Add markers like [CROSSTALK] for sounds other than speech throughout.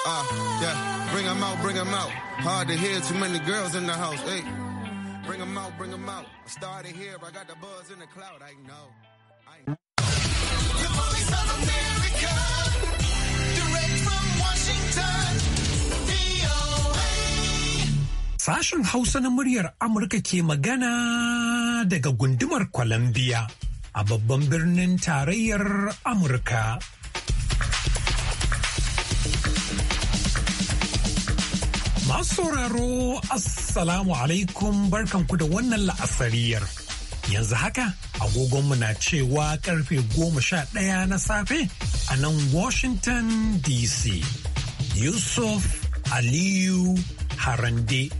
Ah, Uh, yeah, bring them out, bring them out. Hard to hear too many girls in the house. Hey, bring them out, bring them out. I started here, I got the buzz in the cloud. I know. I know. The voice of America, direct from Washington. Sashen Hausa na muryar Amurka ke magana daga gundumar Columbia a babban birnin tarayyar Amurka. Masu sauraro Assalamu alaikum barkanku da wannan la'asariyar. Yanzu haka agogonmu na cewa karfe goma sha ɗaya na safe a nan Washington DC. Yusuf Aliyu Harande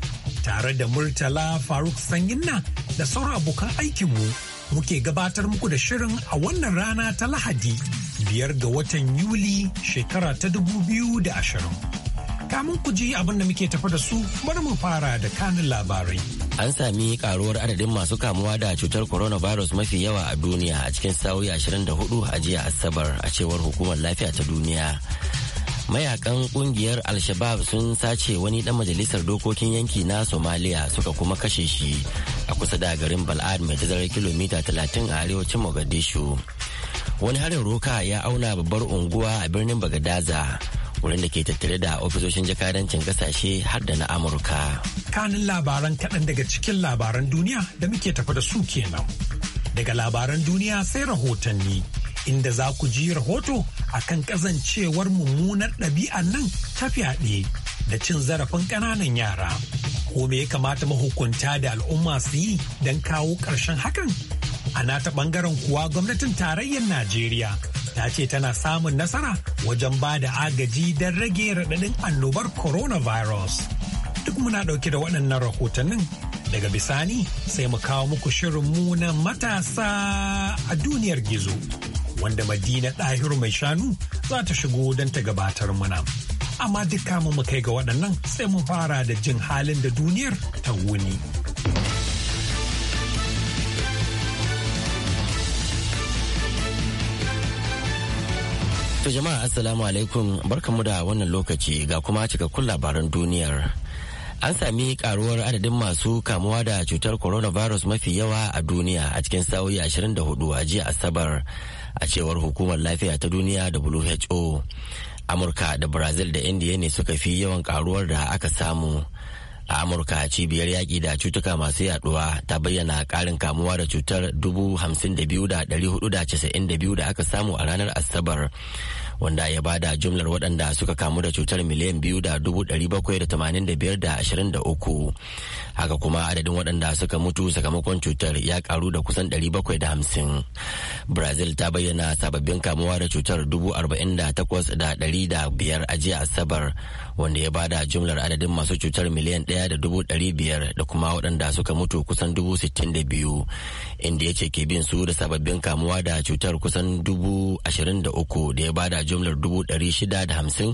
tare da Murtala Faruk Sanginna da sauran abokan aikinmu muke gabatar muku da shirin a wannan rana ta Lahadi biyar ga watan Yuli shekara ta dubu biyu da ashirin. Kamun ku ji abin da muke tafi da su bari mu fara da kanin labarai. An sami karuwar adadin masu kamuwa da cutar coronavirus mafi yawa a duniya a cikin da hudu a jiya Asabar a cewar hukumar lafiya ta duniya. Mayakan kungiyar al sun sace wani dan majalisar dokokin yanki na Somalia suka kuma kashe shi a kusa da garin Bal'ad mai tazarar kilomita 30 a arewacin Mogadishu. Wani harin roka ya auna babbar unguwa a birnin Bagadaza. wurin da ke tattare da ofisoshin jakadancin kasashe har da na amurka kanin labaran kaɗan daga cikin labaran duniya da muke tafi da su kenan daga labaran duniya sai rahotanni inda za ku ji rahoto a kan ƙazancewar mummunar ɗabi'an nan ta fyaɗe da cin zarafin ƙananan yara ko me ya kamata mahukunta da al'umma su yi don kawo ƙarshen hakan a nata ɓangaren kuwa gwamnatin tarayyar najeriya ta ce tana samun nasara wajen ba da agaji don rage raɗaɗin annobar coronavirus. Duk muna ɗauke da waɗannan rahotannin daga bisani sai mu kawo muku shirinmu na matasa a duniyar gizo wanda Madina ɗahiru mai shanu za ta shigo don ta gabatar muna. Amma duk kamun mu kai ga waɗannan sai mu fara da jin halin da duniyar ta wuni. To jama'a assalamu alaikum barkamu da wannan lokaci ga kuma cikakkun labaran duniyar. An sami karuwar adadin masu kamuwa da cutar coronavirus mafi yawa a duniya a cikin sa'o'i 24 a jiya Asabar a cewar hukumar lafiya ta duniya WHO. Amurka da Brazil da Indiya ne suka fi yawan karuwar da aka samu. a amurka cibiyar yaƙi da cutuka masu yaduwa ta bayyana ƙarin kamuwa da cutar 52,492 da aka samu a ranar asabar wanda ya bada jumlar waɗanda suka kamu da cutar miliyan 2,785 da 23 haka kuma adadin waɗanda suka mutu sakamakon cutar ya karu da kusan 750 brazil ta bayyana sababbin kamuwa da cutar 48,500 a jiya asabar wanda ya bada jumlar adadin masu cutar miliyan ɗaya da dubu ɗari biyar da kuma waɗanda suka mutu kusan dubu sittin da biyu inda ya ce ke bin su da sababbin kamuwa da cutar kusan dubu ashirin da uku da ya bada jumlar dubu ɗari shida da hamsin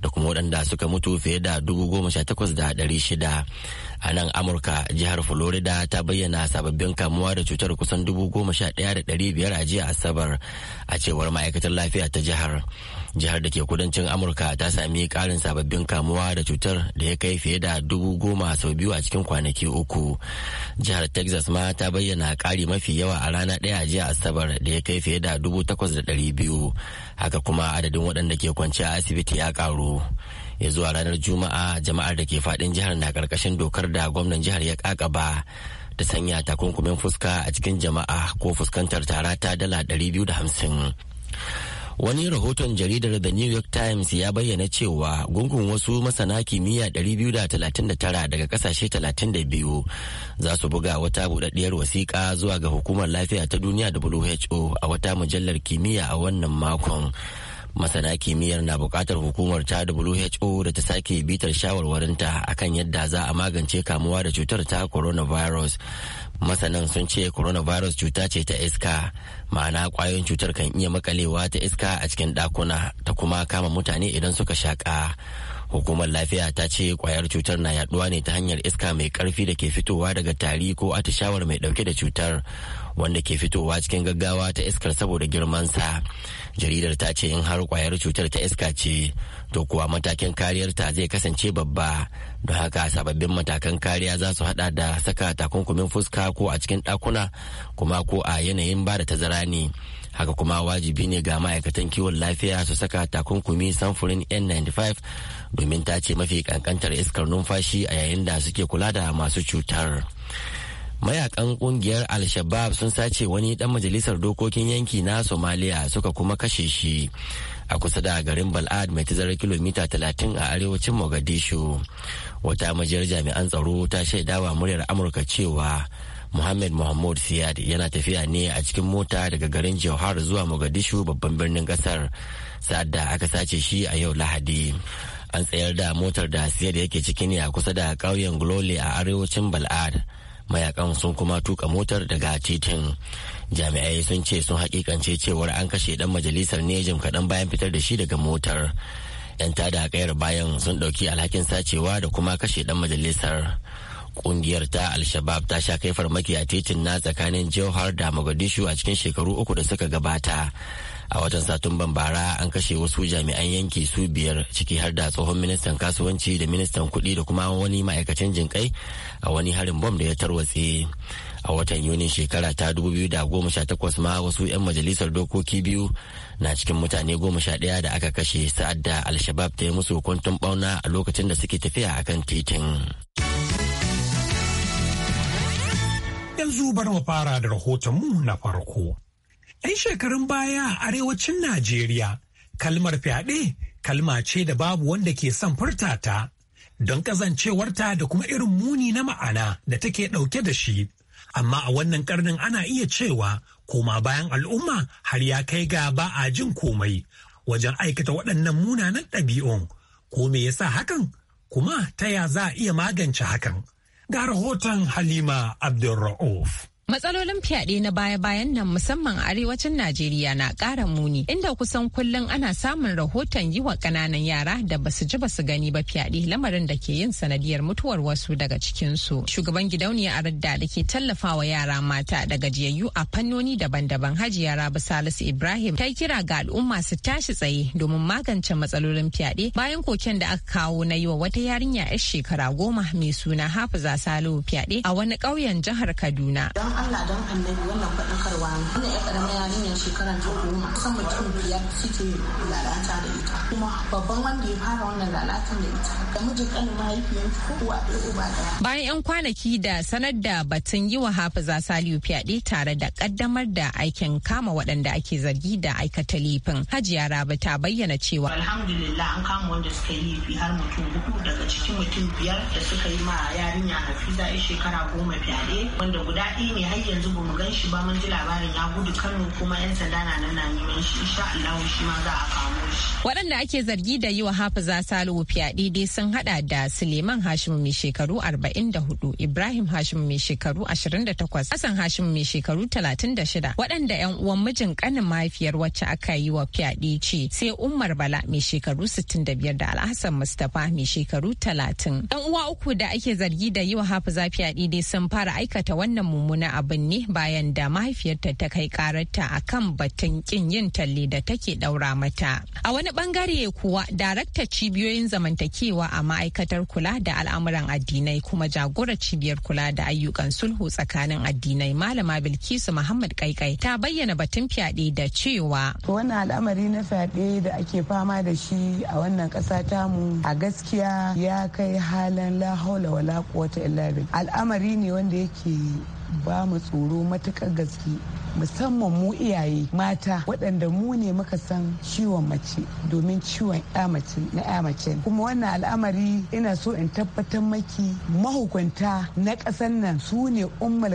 da kuma waɗanda suka mutu fiye da dubu goma sha takwas da ɗari shida a nan amurka jihar florida ta bayyana sababbin kamuwa da cutar kusan dubu goma sha ɗaya da ɗari biyar a jiya asabar a cewar ma'aikatar lafiya ta jihar jihar da ke kudancin amurka ta sami ƙarin sababbin kamuwa da cutar da ya kai fiye da dubu goma sau biyu a cikin kwanaki uku jihar texas ma ta bayyana ƙari mafi yawa a rana ɗaya jiya asabar da ya kai fiye da dubu takwas da ɗari biyu haka kuma adadin waɗanda ke kwance a asibiti ya ƙaru ya zuwa ranar juma'a jama'ar da ke faɗin jihar na ƙarƙashin dokar da gwamnan jihar ya ƙaƙaba da sanya takunkumin fuska a cikin jama'a ko fuskantar tara ta dala hamsin. wani rahoton jaridar the new york times ya bayyana cewa gungun wasu masana kimiyya 239 daga kasashe 32 za su buga wata budaddiyar wasiƙa zuwa ga hukumar lafiya ta duniya who a wata mujallar kimiyya a wannan makon masana kimiyyar na bukatar hukumar ta who da ta sake bitar shawarwarinta akan yadda za a magance kamuwa da cutar ta coronavirus masanan sun ce coronavirus cuta ce ta iska ma'ana kwayoyin cutar kan iya makalewa ta iska a cikin ɗakuna ta kuma kama mutane idan suka shaƙa hukumar lafiya ta ce kwayar cutar na yaduwa ne ta hanyar iska mai karfi da ke fitowa daga tari ko atishawar mai ɗauke da cutar wanda ke fitowa cikin gaggawa ta iskar saboda girmansa jaridar ta ce in har kwayar cutar ta iska ce to kuwa matakin kariyarta zai kasance babba don haka sababbin matakan kariya za su hada da saka takunkumin fuska ko a cikin ɗakuna kuma ko a yanayin ba da tazara ne haka kuma wajibi ne ga ma'aikatan kiwon lafiya su saka takunkumi samfurin n95 domin ta ce mafi kankantar iskar numfashi a yayin da suke kula da masu cutar. mayakan kungiyar al-shabab sun sace wani dan majalisar dokokin yanki na somaliya suka kuma kashe shi a kusa da garin bal'ad mai tazarar kilomita 30 a arewacin mogadishu wata majiyar jami'an tsaro ta shaida wa muryar amurka cewa Muhammad Mahmud Siyad yana tafiya ne a cikin mota daga garin jihar zuwa Mogadishu babban birnin kasar sa'ad da aka sace shi a yau Lahadi. An tsayar da motar da Siyad yake ciki ne a kusa da ƙauyen Glole a arewacin Bal'ad. mayakan sun kuma tuka motar daga titin jami'ai sun ce sun hakikance cewar an kashe dan majalisar ne jim kaɗan bayan fitar da shi daga motar yan tada kayar bayan sun ɗauki alhakin sacewa da kuma kashe dan majalisar kungiyar ta alshabab ta sha kai farmaki a titin na tsakanin jihar da mogadishu a cikin shekaru uku da suka gabata a watan satumban bara an kashe wasu jami'an yanki su biyar ciki har da tsohon ministan kasuwanci da ministan kuɗi da kuma wani ma'aikacin jinkai a wani harin bom da ya tarwatse a watan Yuni shekara ta 2018 ma wasu 'yan majalisar dokoki biyu na cikin mutane goma sha ɗaya da aka kashe sa'ad da alshabab ta yi musu hukuntun bauna a lokacin da suke tafiya akan titin yanzu bari mu fara da rahoton mu na farko 'Yan shekarun baya a arewacin Najeriya, kalmar fyaɗe kalma ce da babu wanda ke son furta ta, don kazancewarta da kuma irin muni na ma'ana da take ɗauke da shi. Amma a wannan ƙarnin ana iya cewa koma bayan al'umma har ya kai ga ba a jin komai wajen aikata waɗannan munanan ɗabi'un. Ko me yasa hakan? Kuma ta ya za a iya magance hakan? Ga rahoton Halima Abdulra'uf. Matsalolin fyaɗe na baya-bayan nan musamman a arewacin Najeriya na ƙara muni inda kusan kullum ana samun rahoton yi wa ƙananan yara da basu ji basu gani ba fyaɗe lamarin da ke yin sanadiyar mutuwar wasu daga cikinsu. Shugaban gidauniya Aradda da ke tallafawa yara mata da gajiyayyu a fannoni daban-daban Hajiya ba Salisu Ibrahim ta kira ga al'umma su tashi tsaye domin magance matsalolin fyaɗe bayan koken da aka kawo na yi wa wata yarinya 'yar shekara goma mai suna Hafiza Salihu fyaɗe a wani ƙauyen jihar Kaduna. Allah don annabi wannan faɗakarwa ne ina ya ƙarama yarinyar shekara ta goma kusan mutum biyar suke lalata da ita kuma babban wanda ya fara wannan lalatan da ita da mijin ƙanin mahaifiyar ko uwa ɗaya uba ɗaya. Bayan 'yan kwanaki da sanar da batun yi wa Hafiza Saliu fyaɗe tare da ƙaddamar da aikin kama waɗanda ake zargi da aikata laifin Hajiya Rabi ta bayyana cewa. Alhamdulillah an kama wanda suka yi laifi har mutum hudu daga cikin mutum biyar da suka yi ma yarinya Hafiza shekara goma fyaɗe wanda guda ɗaya ne har yanzu mu gan shi ba mun ji labarin ya gudu Kano kuma 'yan sanda na nan na neman shi insha Allah shi ma za a kamo shi. Waɗanda ake zargi da yi wa Hafiza Salihu fyaɗe dai sun hada da Suleiman Hashim mai shekaru 44, Ibrahim Hashim mai shekaru 28, Hassan Hashim mai shekaru 36, waɗanda 'yan uwan mijin kanin mahaifiyar wacce aka yi wa fyaɗe ce sai Umar Bala mai shekaru 65 da Alhassan Mustapha mai shekaru 30. 'Yan uwa uku da ake zargi da yi wa Hafiza fyaɗe dai sun fara aikata wannan mummuna abin ne bayan da mahaifiyarta ta kai kararta a kan batun kin yin talle da take daura mata. A wani bangare kuwa darakta cibiyoyin zamantakewa a ma'aikatar kula da al'amuran addinai kuma jagorar cibiyar kula da ayyukan sulhu tsakanin addinai malama Bilkisu Muhammad Kaikai ta bayyana batun fyaɗe da cewa. Wannan al'amari na fyaɗe da ake fama da shi a wannan ƙasa mu a gaskiya ya kai halin la haula wala quwwata illa billah. Al'amari ne wanda yake ba mu tsoro matuƙar gaske musamman mu iyaye mata waɗanda mu ne muka san ciwon mace domin ciwon ya na ya mace kuma wannan al'amari ina so in tabbatar maki mahukunta na ƙasar nan su ne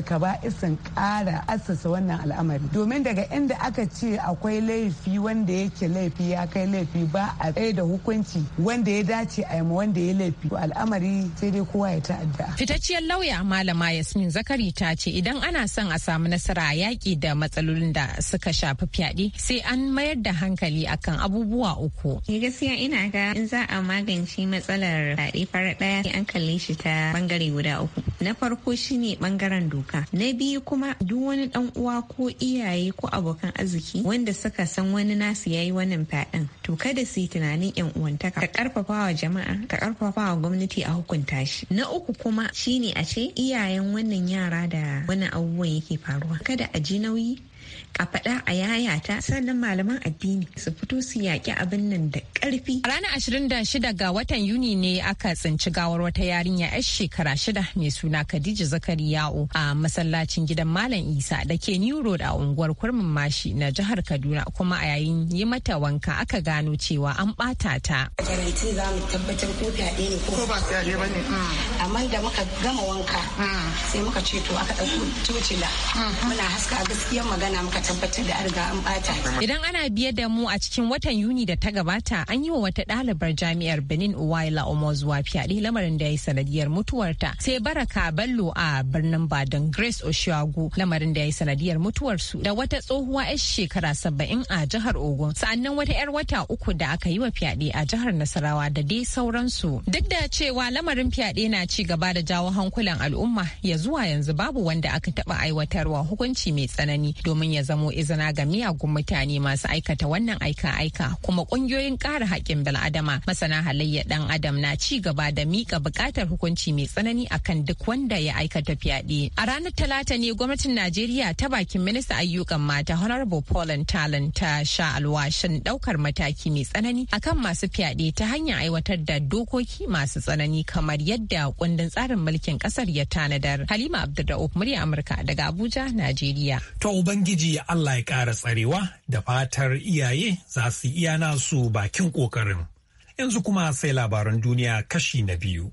kaba isan ƙara assasa wannan al'amari domin daga inda aka ce akwai laifi wanda yake laifi ya kai laifi ba a tsaye da hukunci wanda ya dace a yi wanda ya laifi al'amari sai dai kowa ya ta'adda fitacciyar lauya malama yasmin zakari ta ce idan ana son a samu nasara yaƙi da matsalolin da suka shafi fyaɗe sai an mayar da hankali akan abubuwa uku. Ni eh, gaskiya ina ga in za a magance matsalar fyaɗe fara ɗaya sai an kalle shi ta bangare guda uku. Na farko shine bangaren doka. Na biyu kuma duk wani ɗan uwa ko iyaye ko abokan arziki wanda suka san wani nasu yayi wannan fyaɗen. To kada su yi tunanin yan uwantaka. Ka karfafa wa jama'a, ka karfafa wa gwamnati a hukunta shi. Na uku kuma shine a ce iyayen wannan yara da wani abubuwan yake faruwa. Kada a ji na Malawi a faɗa a yayata sannan malaman addini su fito su yaƙi abin nan da ƙarfi. A ranar 26 ga watan Yuni ne aka tsinci gawar wata yarinya 'yar shekara shida mai suna Khadija Zakariya'u a masallacin gidan Malam Isa da ke New Road a unguwar Kurmin Mashi na jihar Kaduna kuma a yayin yi mata wanka aka gano cewa an ɓata ta. A jami'in za mu tabbatar ko fyaɗe ne ko ba fyaɗe ba ne. Mm. Amma da muka gama wanka mm. sai muka ce to aka ɗauko tocila. Mm. Muna haska a gaskiyar magana muka tabbatar da an an bata. Idan ana biye da mu a cikin watan Yuni da ta gabata an yi wa wata ɗalibar jami'ar Benin Uwaila Omozuwa fyaɗe lamarin da ya yi sanadiyar mutuwarta. Sai Baraka Bello a birnin Badan Grace Oshiagu lamarin da ya yi sanadiyar mutuwarsu da wata tsohuwa 'yar shekara saba'in a jihar Ogun. Sa'annan wata 'yar wata uku da aka yi wa fyaɗe a jihar Nasarawa da dai sauransu. Duk da cewa lamarin fyaɗe na ci gaba da jawo hankulan al'umma ya zuwa yanzu babu wanda aka taɓa aiwatarwa hukunci mai tsanani domin ya zama zamo izina ga miyagun mutane masu aikata wannan aika-aika kuma kungiyoyin ƙara haƙƙin bil'adama masana halayya dan adam na ci gaba da miƙa buƙatar hukunci mai tsanani akan duk wanda ya aikata fyaɗe. A ranar Talata ne gwamnatin Najeriya ta bakin minista ayyukan mata Honorable Pauline Talon ta sha alwashin ɗaukar mataki mai tsanani akan masu fyaɗe ta hanyar aiwatar da dokoki masu tsanani kamar yadda kundin tsarin mulkin ƙasar ya tanadar. Halima Abdulrauf murya Amurka daga Abuja, Najeriya. To Ubangiji Allah ya ƙara tsarewa da fatar iyaye za su iya nasu bakin ƙoƙarin. Yanzu kuma sai labaran duniya kashi na biyu.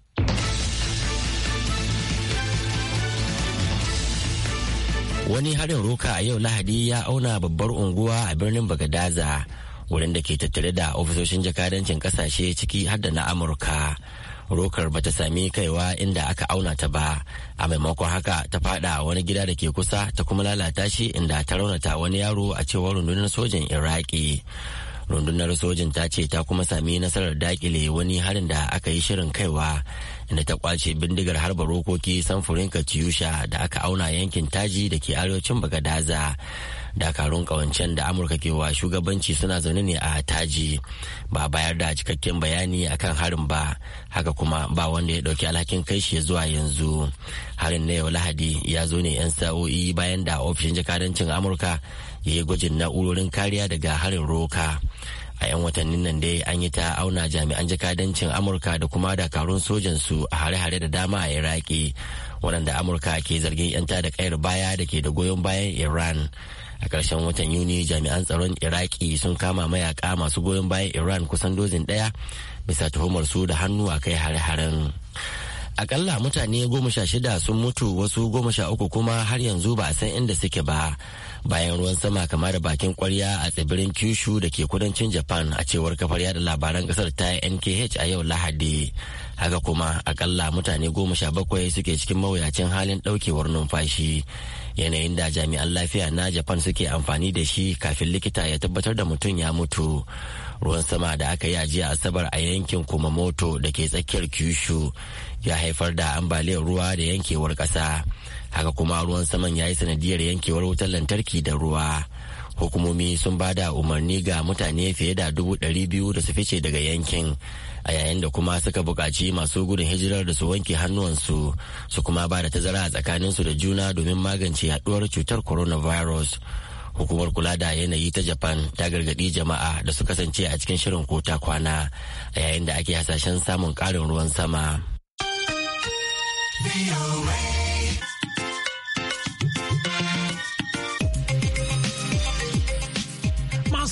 Wani harin roka a yau Lahadi ya auna babbar unguwa a birnin Bagadaza, wurin da ke tattare da ofisoshin jakadancin ƙasashe ciki har da na Amurka. rokar ta sami kaiwa inda aka auna ta ba a maimakon haka ta fada wani gida da ke kusa ta kuma lalata shi inda ta raunata wani yaro a cewar rundunar sojin iraki rundunar sojin ta ce ta kuma sami nasarar dakile wani harin da aka yi shirin kaiwa inda ta kwace bindigar harba rokoki samfurin katiyusha da aka auna yankin taji da ke arewacin bagadaza dakarun kawancen da amurka ke wa shugabanci suna zaune ne a taji ba bayar da cikakken bayani akan harin ba haka kuma ba wanda ya dauki alhakin kai shi zuwa yanzu harin na yau lahadi ya zo ne 'yan sa'o'i bayan da ofishin jakadancin amurka ya yi gwajin na'urorin kariya daga harin roka a 'yan watannin nan dai an yi ta auna jami'an jakadancin amurka da kuma dakarun sojan su a hare-hare da dama a iraki waɗanda amurka ke zargin 'yanta da kayar baya da ke da goyon bayan iran a ƙarshen watan yuni jami'an tsaron iraki sun kama mayaka masu goyon bayan iran kusan dozin ɗaya bisa tuhumar su da hannu a kai hare-haren akalla mutane goma sha shida sun mutu wasu goma sha uku kuma har yanzu ba a san inda suke ba bayan ruwan sama kama da bakin kwarya a tsibirin kyushu da ke kudancin japan a cewar kafar yada labaran kasar ta nkh a yau lahadi haka kuma akalla mutane goma sha bakwai suke cikin mawuyacin halin daukewar numfashi yanayin da jami'an lafiya na japan suke amfani da shi kafin likita ya tabbatar da mutum ya mutu ruwan sama da aka yi a jiya asabar a yankin kumamoto da ke tsakiyar kyushu ya haifar da ambaliyar ruwa da yankewar ƙasa haka kuma ruwan saman ya yi sanadiyar yankewar wutar lantarki da ruwa hukumomi sun ba da umarni ga mutane fiye da dubu ɗari biyu da su fice daga yankin a yayin da kuma suka buƙaci masu gudun hijirar da su wanke hannuwansu su kuma ba da tazara a tsakaninsu da juna domin magance yaduwar cutar coronavirus. hukumar kula da yanayi ta japan ta gargadi jama'a da su kasance a cikin shirin kota kwana a yayin da ake hasashen samun karin ruwan sama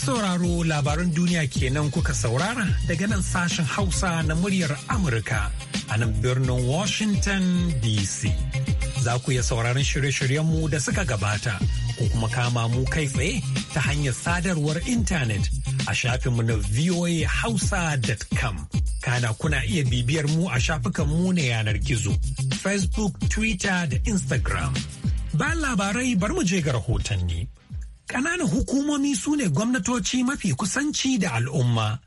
sauraro labaran duniya kenan kuka saurara daga nan sashen Hausa na muryar Amurka a nan birnin Washington DC. Za ku iya sauraron shirye-shiryenmu da suka gabata ko kuma kama mu kai tsaye ta hanyar sadarwar intanet a shafinmu na voahausa.com. Kana kuna iya bibiyar mu a shafukan mu na yanar gizo, Facebook, Twitter da Instagram. Ba labarai bar mu je ga rahotanni. Ƙananan hukumomi su ne gwamnatoci mafi kusanci da al'umma.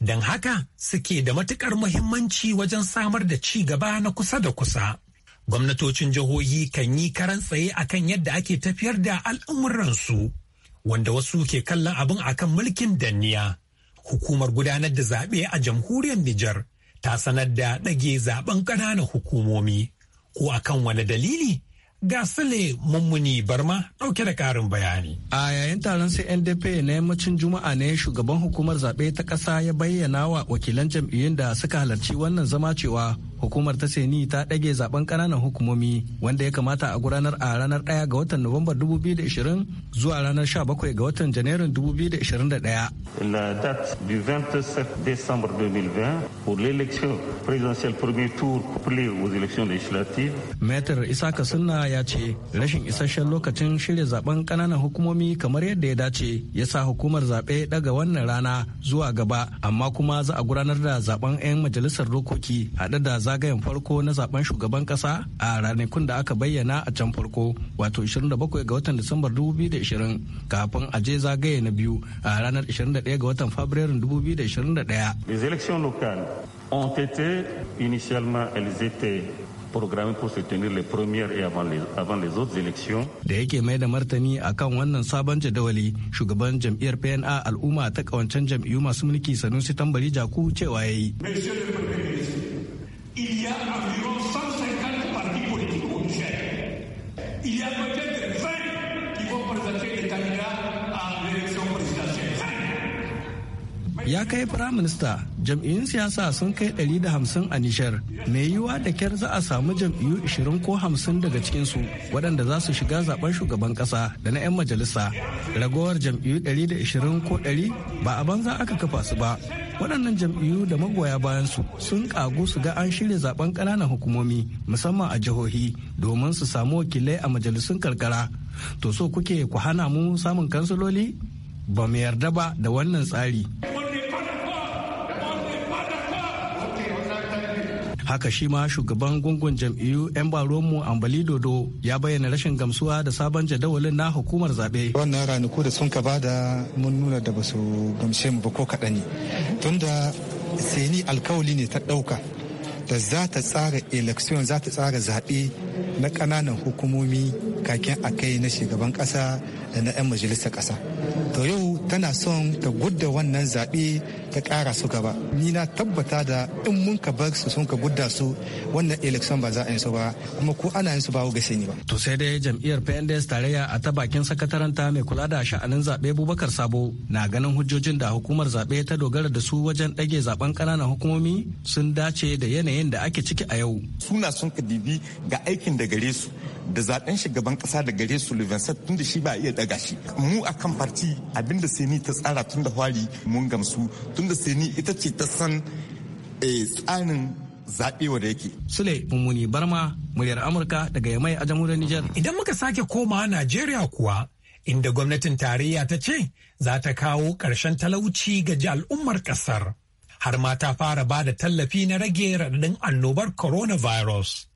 Don haka suke da matuƙar muhimmanci wajen samar da ci gaba na kusa da kusa. gwamnatocin jihohi kan yi karan tsaye akan yadda ake tafiyar da al'amuransu wanda wasu ke kallon abin akan mulkin danniya hukumar gudanar da zaɓe a jamhuriyar Nijar ta sanar da ɗage zaben ƙananan hukumomi ko akan wani dalili ga sule mummuni barma ɗauke da karin bayani. A yayin taron sai NDP na yammacin Juma'a ne shugaban hukumar zaɓe ta ƙasa ya bayyana wa wakilan jam'iyyun da suka halarci wannan zama cewa hukumar ta ni ta ɗage zaben ƙananan hukumomi wanda ya kamata a gudanar a ranar 1 ga watan Nuwamba 2020 zuwa ranar 17 ga watan janairun 2021 la date du 27 décembre 2020 pour l'élection présidentielle premier tour couplée aux élections législatives Maitre isa kasunna ya ce rashin isasshen lokacin shirya zaben ƙananan hukumomi kamar yadda ya dace ya sa hukumar zaɓe daga wannan rana zuwa gaba amma kuma za a gudanar da zaben 'yan majalisar dokoki haɗe da zagayen farko na zaben shugaban kasa a ranakun da aka bayyana a can farko wato 27 ga watan disambar 2020 kafin a je zagaye na biyu a ranar 21 ga watan fabrairun 2021 ont été initialement elles étaient programmé pour se tenir les premières et avant les, avant les autres élections. Da yake mai da martani akan wannan sabon jadawali shugaban jam'iyyar PNA al'umma ta kawancan jam'iyyu masu mulki Sanusi Tambari Jaku cewa yayi. Monsieur le kai firaminista jam'iyyun siyasa sun kai 150 a nishar mai yiwuwa da kyar za a samu jam'iyyu 20 ko 50 daga cikinsu waɗanda za su shiga zaben shugaban ƙasa da na 'yan majalisa ragowar jam'iyyu 120 ko 100 ba a banza aka kafa su ba waɗannan jam'iyyu da magoya bayan su sun kagu su ga an shirya zaben ƙananan hukumomi musamman a jihohi domin su samu wakilai a majalisun karkara to so kuke ku hana mu samun kansiloli ba mu yarda ba da wannan tsari haka shi ma shugaban gungun jam'iyyu 'yan mu ambali dodo ya bayyana rashin gamsuwa da sabon jadawalin na hukumar zaɓe. wannan ranaku da sun ka bada mun nuna da basu gamshe mu ba ko kaɗan ne tunda seni alkawali ne ta ɗauka da za ta tsara election za ta tsara zaɓe na kananan hukumomi kakin a kai na shugaban kasa da na 'yan majalisar ƙasa to yau tana son ta gudda wannan zaɓe ta ƙara su gaba ni na tabbata da in mun ka bar su sun ka gudda su wannan election ba za a yi su ba kuma ko ana yin su ba ga sani ba to sai dai jam'iyyar PNDS tarayya a ta bakin sakataranta mai kula da sha'anin zaɓe Bubakar Sabo na ganin hujjojin da hukumar zaɓe ta dogara da su wajen ɗage zaben kananan hukumomi sun dace da yanayin da ake ciki a yau suna sun ka dibi ga aikin da gare su da zaben shugaban kasa da gare su Livingston tun da shi ba iya daga shi mu a kan farti abinda seni ta tsara tun da hwari mun gamsu tun da seni ita ce ta san eh, tsarin zaɓe da yake. Sule Mummuni Barma muryar Amurka daga Yamai a jamhuriyar Nijar. Idan muka sake koma Najeriya kuwa inda gwamnatin tarayya ta ce za ta kawo ƙarshen talauci ga al'ummar ƙasar. Har ma ta fara ba da tallafi na rage raɗaɗin annobar coronavirus.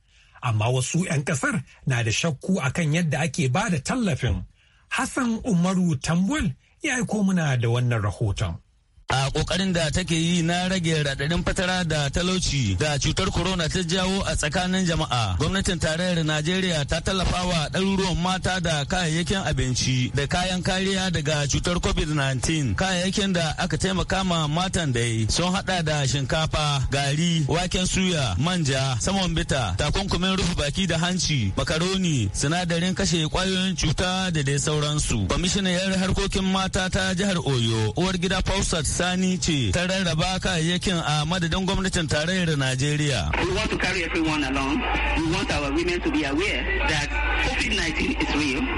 amma wasu 'yan kasar na da shakku akan yadda ake ba da tallafin. Hassan Umaru Tambul ya aiko muna da wannan rahoton. a kokarin da take yi na rage radadin fatara da talauci da cutar corona ta jawo a tsakanin jama'a gwamnatin tarayyar najeriya ta tallafa wa ɗaruruwan mata da kayayyakin abinci da kayan kariya daga cutar covid-19 kayayyakin da aka taimaka ma matan da yi sun hada da shinkafa gari waken suya manja saman bita takunkumin rufe baki da hanci makaroni sinadarin kashe kwayoyin cuta da dai sauransu kwamishinan yar harkokin mata ta jihar oyo uwar gida fausat Sani ce ta rarraba kayayyakin a madadin gwamnatin tarayyar Najeriya. We want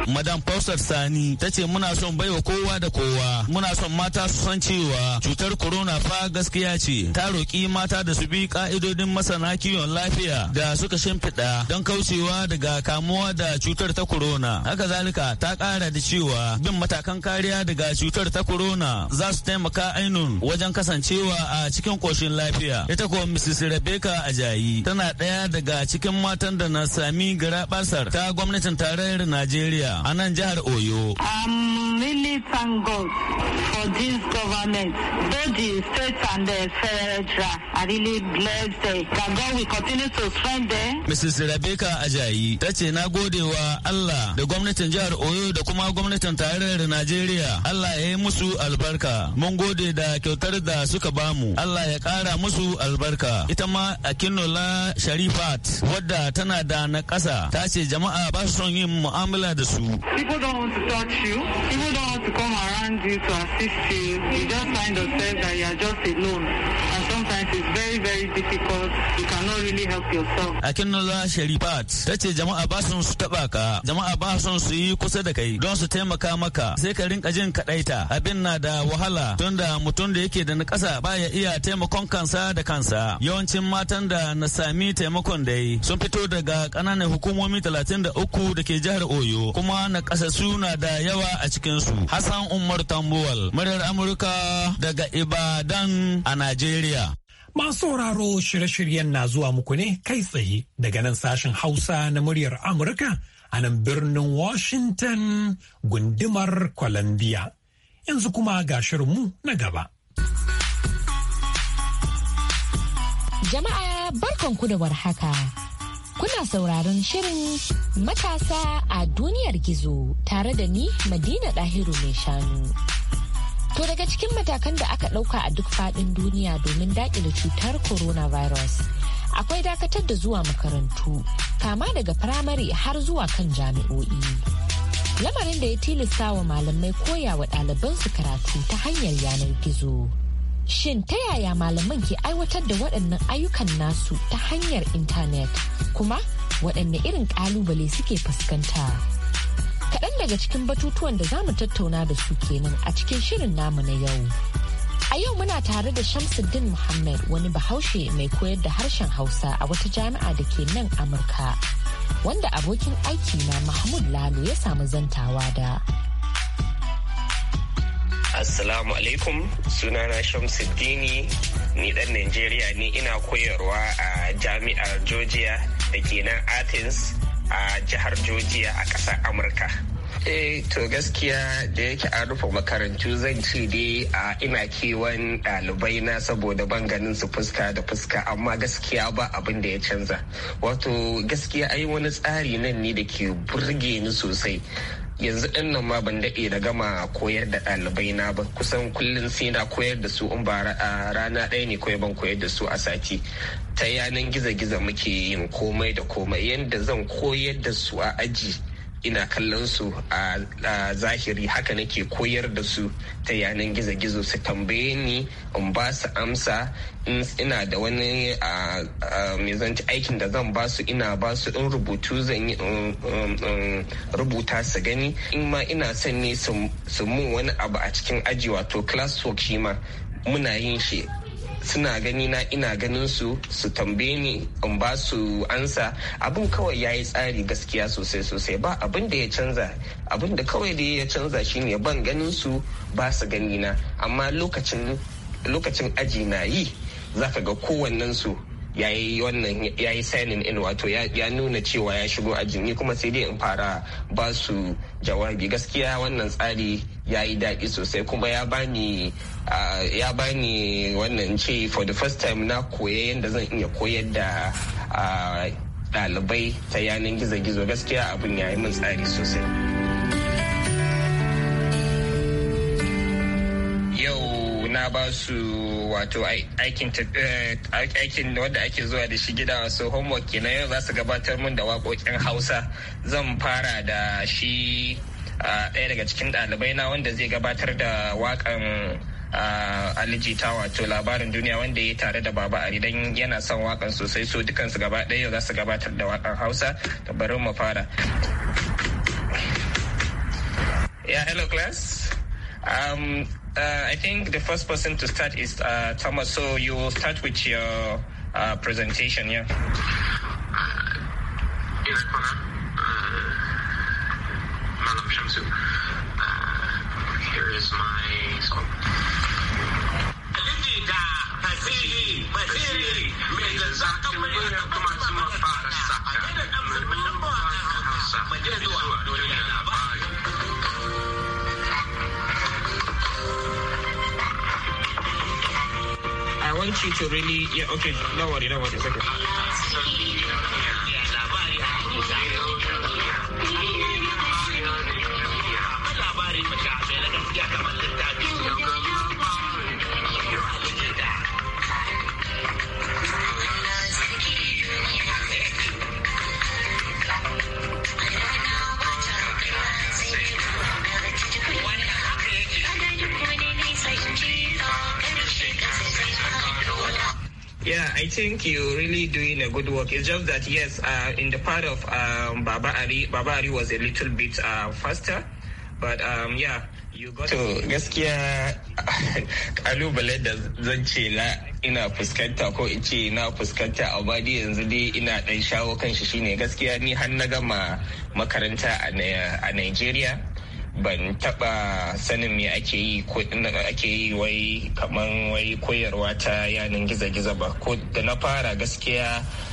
to Madam Sani ta ce muna son baiwa kowa da kowa. Muna son mata su san cewa cutar corona fa gaskiya ce. Ta roƙi mata da su bi ka'idodin masana kiwon lafiya da suka shimfiɗa don kaucewa daga kamuwa da cutar ta corona. Haka zalika ta ƙara da cewa bin matakan kariya daga cutar ta corona za su taimaka ainun wajen kasancewa a cikin koshin lafiya. Ita ko Mrs. Rebecca Ajayi tana ɗaya daga cikin matan da na sami gara ta gwamnatin tarayyar Najeriya a nan jihar Oyo. Um, thank God for this government, both the state and the federal. I really bless them. That God will continue to strengthen Mrs. Rebecca Ajayi ta ce na gode wa Allah da gwamnatin jihar Oyo da kuma gwamnatin tarayyar Najeriya. Allah ya yi musu albarka. Mun gode da kyautar da suka bamu. Allah ya kara musu albarka. Ita ma Akinola Sharifat wadda tana da na ƙasa ta ce jama'a ba su son yin mu'amala da su. People don't want to touch you. People don't want to come around you to assist you, you just find yourself that you are just alone. And sometimes it's very very difficult. Sharifat ta ce jama'a ba su su taba ka, jama'a ba su su yi kusa da kai don su taimaka maka sai ka rinka jin kaɗaita Abin na da wahala tunda mutum da yake da nakasa ba baya iya taimakon kansa da kansa. Yawancin matan da na sami taimakon da yi sun fito daga kananan hukumomi 33 da ke jihar Oyo kuma na kasa suna da yawa a cikinsu. Hassan Umar Tambuwal, muryar Amurka daga Ibadan a Najeriya. Masu sauraro shirye-shiryen na zuwa muku ne kai tsaye daga nan sashen Hausa na muryar Amurka a nan birnin Washington gundumar Columbia. Yanzu kuma ga shirinmu na gaba. Jama'a barkanku da warhaka. Kuna sauraron shirin matasa a duniyar gizo tare da ni Madina Dahiru mai shanu. To daga cikin matakan da aka ɗauka a duk faɗin duniya domin daƙile cutar coronavirus. Akwai dakatar da zuwa makarantu, kama daga firamare har zuwa kan jami'o'i. Lamarin da ya tilasta wa malamai koya wa su karatu ta hanyar yanar gizo. Shin ta yaya malaman ke aiwatar da waɗannan ayyukan nasu ta hanyar intanet? Kuma waɗanne irin ƙalubale suke fuskanta? Kaɗan daga cikin batutuwan da za mu tattauna da su kenan a cikin shirin namu na yau. A yau muna tare da Shamsuddin Muhammad wani bahaushe mai koyar da harshen Hausa a wata jami'a da ke nan Amurka. Wanda abokin aiki na Mahmud Lalo ya samu zantawa da. Assalamu alaikum sunana Shamsuddini ni dan Najeriya ne ina koyarwa a jami'ar Georgia da ke nan Athens a jihar Georgia a ƙasar Amurka. Eh to gaskiya da yake an rufe makarantu zan ce dai a ina kewan ɗalibai na saboda ban ganin su fuska da fuska amma gaskiya ba abin da ya canza. Wato gaskiya ai wani tsari nan ne da ke burge ni sosai. yanzu din nan ma ban daɗe da gama koyar da ɗalibai na ba kusan kullum sai na koyar da su in ba rana ɗaya ne kawai ban koyar da su a sati ta yanan gizo-gizo muke yin komai da komai yadda zan koyar da su a aji ina kallon su a zahiri haka nake koyar da su ta yanan gizo-gizo su tambaye ni in ba su amsa ina da wani zanci aikin da zan ba su ina ba su in rubutu zan yi rubuta su gani in ma ina son ne su mun wani abu a cikin aji wato work shi ma muna yin shi suna gani na ina ganin su su tambaye ni in ba su ansa abin kawai ya yi tsari gaskiya sosai sosai ba abin da ya canza abin da kawai da ya canza shine ban ganin su ba su gani na amma lokacin lokacin aji na yi zaka ga kowannen su ya yi signing in wato ya nuna cewa ya shigo a jini kuma sai dai in fara ba su jawabi gaskiya wannan tsari ya yi daɗi sosai kuma ya bani ya bani wannan ce for the first time na koya yadda zan iya koyar da ɗalibai ta yanar gizo-gizo gaskiya abin ya yi min tsari sosai. ba su wato aikin eh, aikin wanda ake zuwa da shi gida so homework kenan yau za su gabatar mun da waƙoƙin hausa zan fara da shi ɗaya daga cikin ɗalibai na wanda zai gabatar da waƙan alijita wato labarin duniya wanda ya tare da baba ari don yana son waƙan sosai so dukansu gaba ɗaya za su gabatar da waƙan hausa da bari mu fara ya hello class um, Uh, I think the first person to start is uh, Thomas. So you will start with your uh, presentation, yeah. Uh, yes, Kona. Uh, Malam Shamsu. Uh, here is my song. you to really, yeah, okay, no worry, no worry, it's okay. I think you're really doing a good work. It's just that, yes, uh, in the part of um, Baba Ari, Baba Ari was a little bit uh, faster. But um, yeah, you got to gaskiya [LAUGHS] kalubale da zan ce na ina fuskanta ko in ce na fuskanta a badi yanzu dai ina dan shawo kan shi shine gaskiya ni har na gama makaranta a Nigeria. ban taba sanin me ake yi ko ake yi wai kaman wai koyarwa ta yanin gizo-gizo ba ko da na fara gaskiya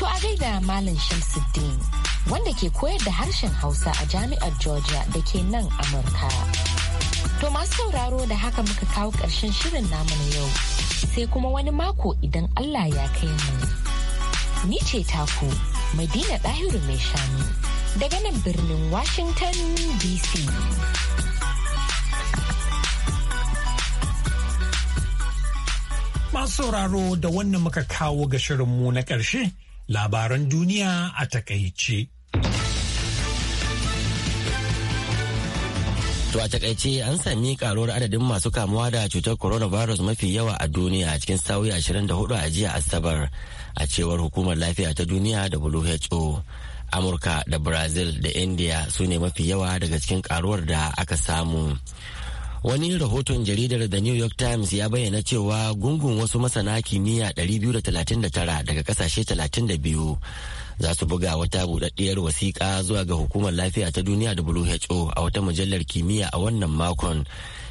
To a gaida Malam Shamsuddin wanda ke koyar da harshen Hausa a Jami'ar Georgia da ke nan Amurka. To masu sauraro da haka muka kawo ƙarshen shirin namu na yau sai kuma wani mako idan Allah ya kai mu. Ni ce taku Madina Ɗahiru mai shanu daga nan birnin Washington DC. Masu sauraro da wannan muka kawo ga shirinmu na ƙarshe. Labaran duniya a takaice. To a takaice an sami karuwar adadin masu kamuwa da cutar coronavirus mafi yawa a duniya cikin sauyi 24 a jiya Asabar a cewar hukumar lafiya ta duniya WHO. Amurka da Brazil da India su ne mafi yawa daga cikin karuwar da aka samu. wani rahoton jaridar the new york times ya bayyana cewa gungun wasu masana kimiyya 239 daga kasashe 32 za su buga wata budaddiyar wasiƙa zuwa ga hukumar lafiya ta duniya who a wata mujallar kimiyya a wannan makon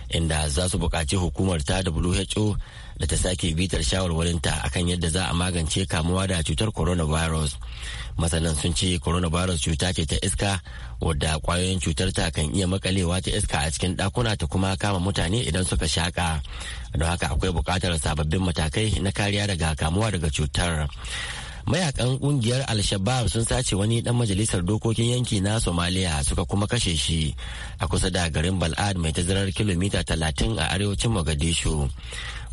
inda za su buƙaci hukumar ta WHO da ta sake bitar shawarwarinta akan yadda za a magance kamuwa da cutar coronavirus. Masanan sun ce coronavirus cuta ce ta iska wadda kwayoyin cutar ta kan iya makalewa ta iska a cikin ɗakuna ta kuma kama mutane idan suka shaƙa. Don haka akwai buƙatar sababbin matakai na kariya daga kamuwa daga cutar. mayakan kungiyar Alshabab sun sace wani dan majalisar dokokin yanki na somaliya suka kuma kashe shi a kusa da garin bal'ad mai tazarar kilomita talatin a arewacin mogadishu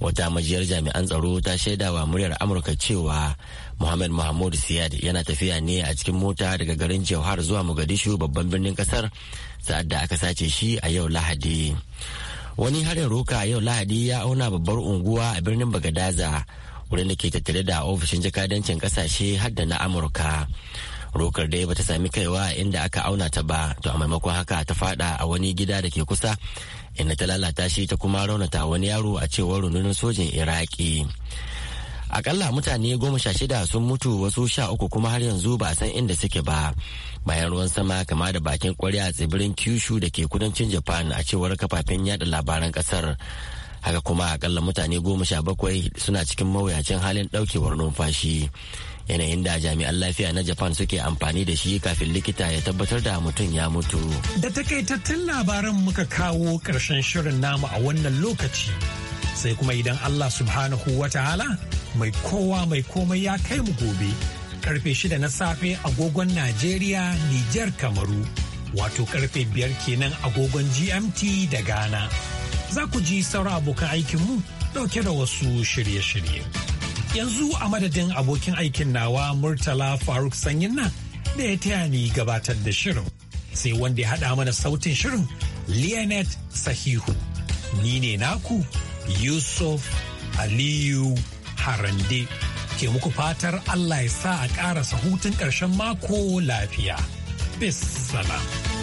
wata majiyar jami'an tsaro ta shaida wa muryar amurka cewa muhammad mahmud siyad yana tafiya ne a cikin mota daga garin jauhar zuwa mogadishu babban birnin kasar sa'ad da aka sace shi a yau lahadi wani harin roka yau lahadi ya auna babbar unguwa a birnin bagadaza wurin da ke tattare da ofishin jakadancin kasashe har da na amurka rokar dai bata sami kaiwa inda aka auna ta ba to a maimakon haka ta fada a wani gida da ke kusa inda ta lalata shi ta kuma raunata wani yaro a cewar rundunar sojin iraki akalla mutane goma sha shida sun mutu wasu sha uku kuma har yanzu ba a san inda suke ba bayan ruwan sama kama da bakin kwarya a tsibirin kyushu da ke kudancin japan a cewar kafafen yada labaran kasar haka kuma akalla mutane goma sha bakwai suna cikin mawuyacin halin ɗaukewar numfashi yanayin da jami'an lafiya na japan suke amfani da shi kafin likita ya tabbatar da mutum ya mutu da takaitattun labaran muka kawo karshen shirin namu a wannan lokaci sai kuma idan allah subhanahu wa ta'ala mai kowa mai komai ya kai mu gobe karfe shida na safe agogon najeriya nijar kamaru wato karfe biyar kenan agogon gmt da ghana za ku ji sauran abokan aikinmu ɗauke da wasu shirye-shirye. Yanzu a madadin abokin aikin nawa Murtala Faruk Sanyin nan da ya taya ni gabatar da shirin. Sai wanda ya haɗa mana sautin shirin Leonard Sahihu. Ni ne naku Yusuf Aliyu Harande. Ke muku fatar Allah ya sa a ƙarasa hutun ƙarshen mako lafiya. Bis salam.